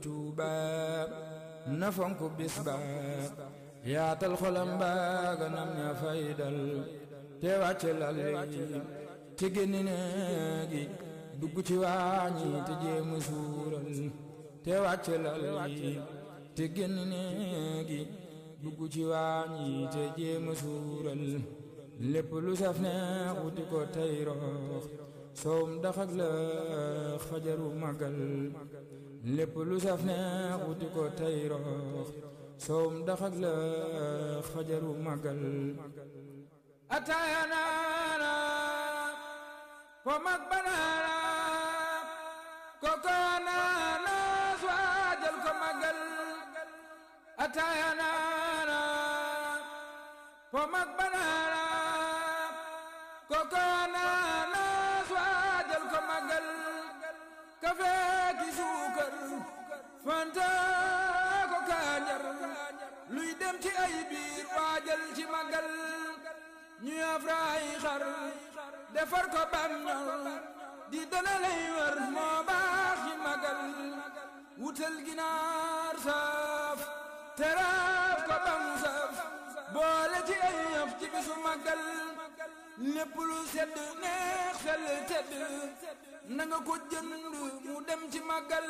tuuba na te wàcce néegi dugg ci waañi te jéemu suural lépp lu saf neex wuti ko tey roox soom dax ak la fajaru magal لبلو سافنا غوتكو تايروخ صوم دخاك لا خجرو مقل أتايانا فمك بنانا كوكونا نسوى جلكو مقل أتايانا فمك بنانا كوكونا نسوى جلكو مقل كفير ki suukar fanta ko kaanjar luy dem ci ay biir waajal ci magal ñu afraay xar defar ko bam di dana lay moo baax ci magal wutal ginaar saaf teraaf ko bam boole ci ay yaf ci bisu magal lépp lu sedd neex sell sedd na ko jënd mu dem ci màggal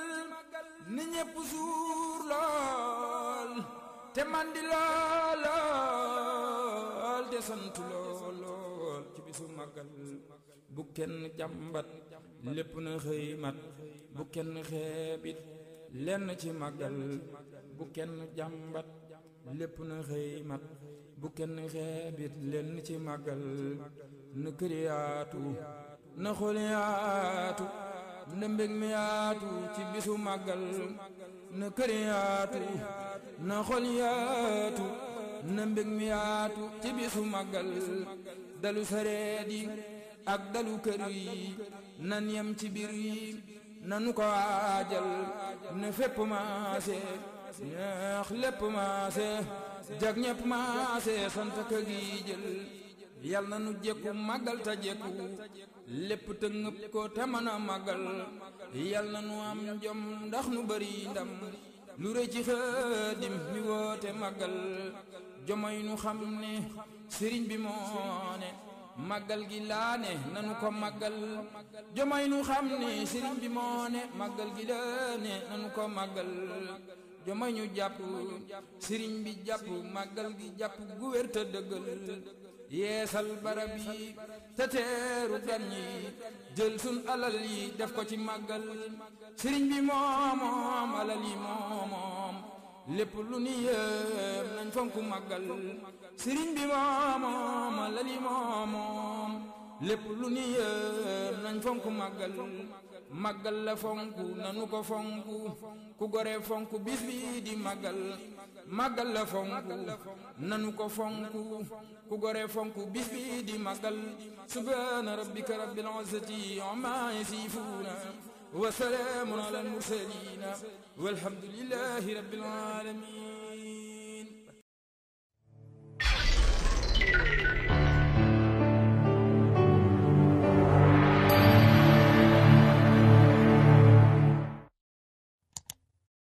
ni ñépp suur lool te mandi lool lool te sant lool ci bisu màggal bu kenn jàmbat lépp na xëy mat bu kenn xeebit lenn ci màggal bu kenn jàmbat lépp na xëy bu kenn xeebit lenn ci màggal na kër na xol yaatu na mbég mi yaatu ci bisu màggal na kër na xol na mbég mi ci bisu màggal dalu sareet yi ak dalu kër yi nan yem ci biir yi na nu ko waajal ne fépp maase neex lépp maase jag ñëpp maase sant kër gi jël yal na nu jékku màggal te jékku lépp te ngëpp ko te mën a màggal yal na nu am jom ndax nu bari ndam lu rëy ci xëdim mi woote màggal jomay nu xam ne sëriñ bi moo ne màggal gi laa ne nanu ko màggal jomay nu xam ne sëriñ bi moo ne màggal gi laa ne nanu ko màggal jomay ñu jàpp sëriñ bi jàpp màggal gi jàpp gu wér te dëggal yeesal barab yi te gan yi jël sun alal yi def ko ci màggal sëriñ bi moomoom alal yi moomoom lépp lu ni yë fonku màggal sëriñ bi moomoom la li moomoom lépp lu ni yéem nañ fonku màggal màggal la fonku nanu ko fonku ku gore fonku bis bi di màggal màggal la fonku nanu ko fonku ku gore fonku bis bi di màggal subhaana rabbika rabbil izzati ammaa yasifuuna wa salaamun alal mursaliina walhamdulillaahi rabbil aalamiin